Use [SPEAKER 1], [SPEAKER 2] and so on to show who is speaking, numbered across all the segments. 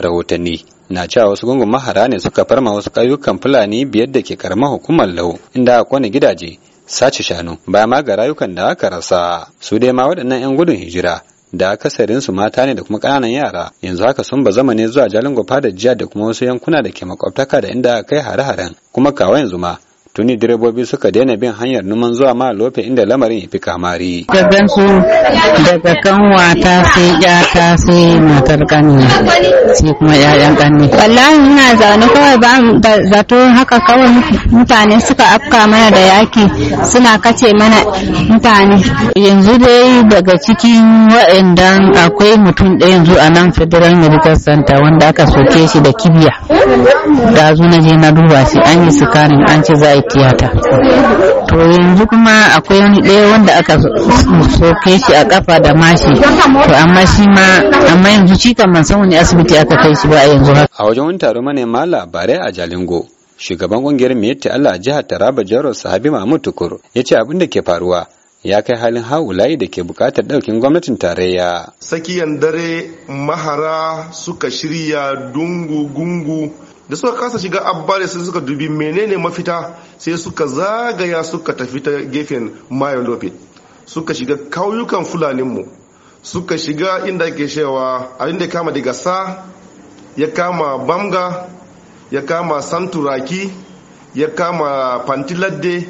[SPEAKER 1] rahotanni na cewa wasu gungun mahara ne suka farma wasu ƙauyukan fulani biyar da ke karamar hukumar lau inda a kone gidaje sace shanu ba ma ga rayukan da aka rasa su dai ma waɗannan 'yan gudun hijira da akasarin su mata ne da kuma ƙananan yara yanzu haka sun ba zama ne zuwa jalingo gwafa jiya da kuma wasu yankuna da ke makwabtaka da inda kai hare-haren kuma kawo yanzu ma tuni direbobi suka daina bin hanyar numan zuwa ma lofe inda lamarin ya fi kamari. Gaban su daga kanwata sai ƴata sai matar ƙani sai kuma ƴaƴan ƙani. Wallahi muna zaune kawai ba zato haka kawai mutane suka afka mana da yaki suna kace mana mutane. Yanzu dai daga cikin waɗanda akwai mutum ɗaya yanzu a nan Federal Medical Center wanda aka soke shi da kibiya. Da na je na duba shi an yi sukarin an ce za abokiyata to yanzu kuma akwai wani ɗaya wanda aka soke shi a kafa da mashi to amma shi ma amma yanzu shi kan man san wani asibiti aka kai shi ba a yanzu haka a wajen wani taro manema labarai a Jalingo shugaban kungiyar Miyetti Allah a jihar Taraba Jaro Sahabi Mahmud Tukur ya ce abin da ke faruwa ya kai halin haulayi da ke bukatar daukin gwamnatin tarayya.
[SPEAKER 2] Sakiyan dare mahara suka shirya dungu-gungu da suka kasa shiga abbare sai suka dubi menene mafita sai suka zagaya suka tafi ta gefen mayon lopit suka shiga kauyukan fulaninmu suka shiga inda ke shewa a inda kama daga sa ya kama bamga ya kama santuraki ya kama pantiladde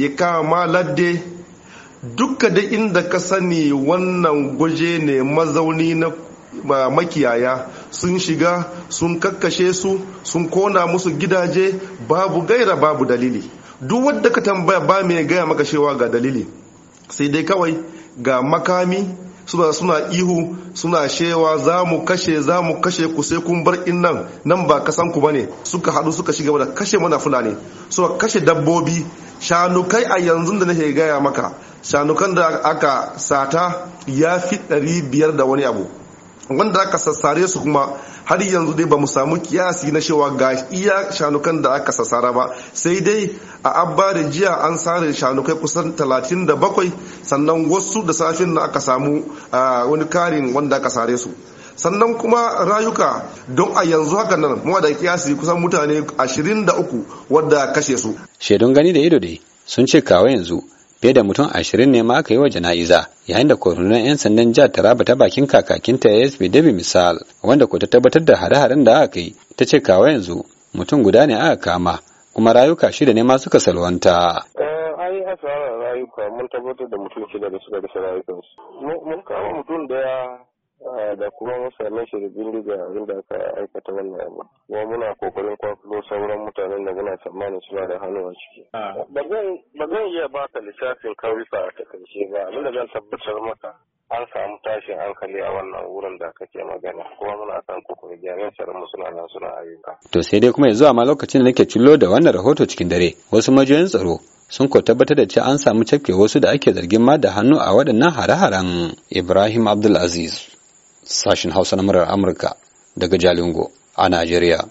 [SPEAKER 2] ya kama ladde duka da inda ka sani wannan gwaje ne mazauni na makiyaya sun shiga sun kakkashe su sun kona musu gidaje babu gaira babu dalili duk wadda ka tambaya ba mai gaya maka cewa ga dalili sai dai kawai ga makami suna suna ihu suna shewa za mu kashe za mu kashe ku sai kun bar in nan nan ba kasan ku ne, suka haɗu suka shiga da kashe mana fulani suka kashe dabbobi shanu kai a yanzu da nake gaya maka shanukan da aka sata ya fi 500 da wani abu wanda aka sassare su kuma har yanzu dai ba mu samu kiyasi na cewa ga iya shanukan da aka sassara ba sai dai a abba da jiya an sare shanukai kusan 37 sannan wasu da safin da aka samu wani karin wanda aka sare su sannan kuma rayuka don a yanzu haka nan muwa da kiyasi kusan mutane 23 wadda kashe su
[SPEAKER 1] shaidun gani da ido dai sun ce kawai yanzu fiye da mutum ashirin ne ma aka yi wa jana'iza yayin da kwarunan 'yan sandan jihar taraba ta bakin kakakinta asp david misal wanda ko ta tabbatar da hare-haren da aka yi ta ce kawo yanzu mutum guda ne aka kama kuma rayuka shida ne ma suka salwanta
[SPEAKER 2] eh, rayuka mun tabbatar da mutum shida da suka rasa rayukansu mun kama mutum daya Eh, da kuma mutanen shirin bindiga inda aka aikata wannan abu kuma muna kokarin kwakulo sauran mutanen da muna tsammanin suna da hannu a ciki ah. ba zan iya ba ka lissafin ba a takaice ba abin da zan tabbatar maka an samu tashin hankali a wannan wurin da kake magana kuma muna kan kokari jami'an tsaron mu suna nan suna ayyuka
[SPEAKER 1] to sai dai kuma yanzu ma lokacin da nake cullo da wannan rahoto cikin dare wasu majiyoyin tsaro sun ko tabbatar da cewa an samu cafke wasu da ake zargin ma da hannu a waɗannan hare-haren Ibrahim Abdulaziz Sashen Hausa na murar Amurka daga Jalingo a Najeriya.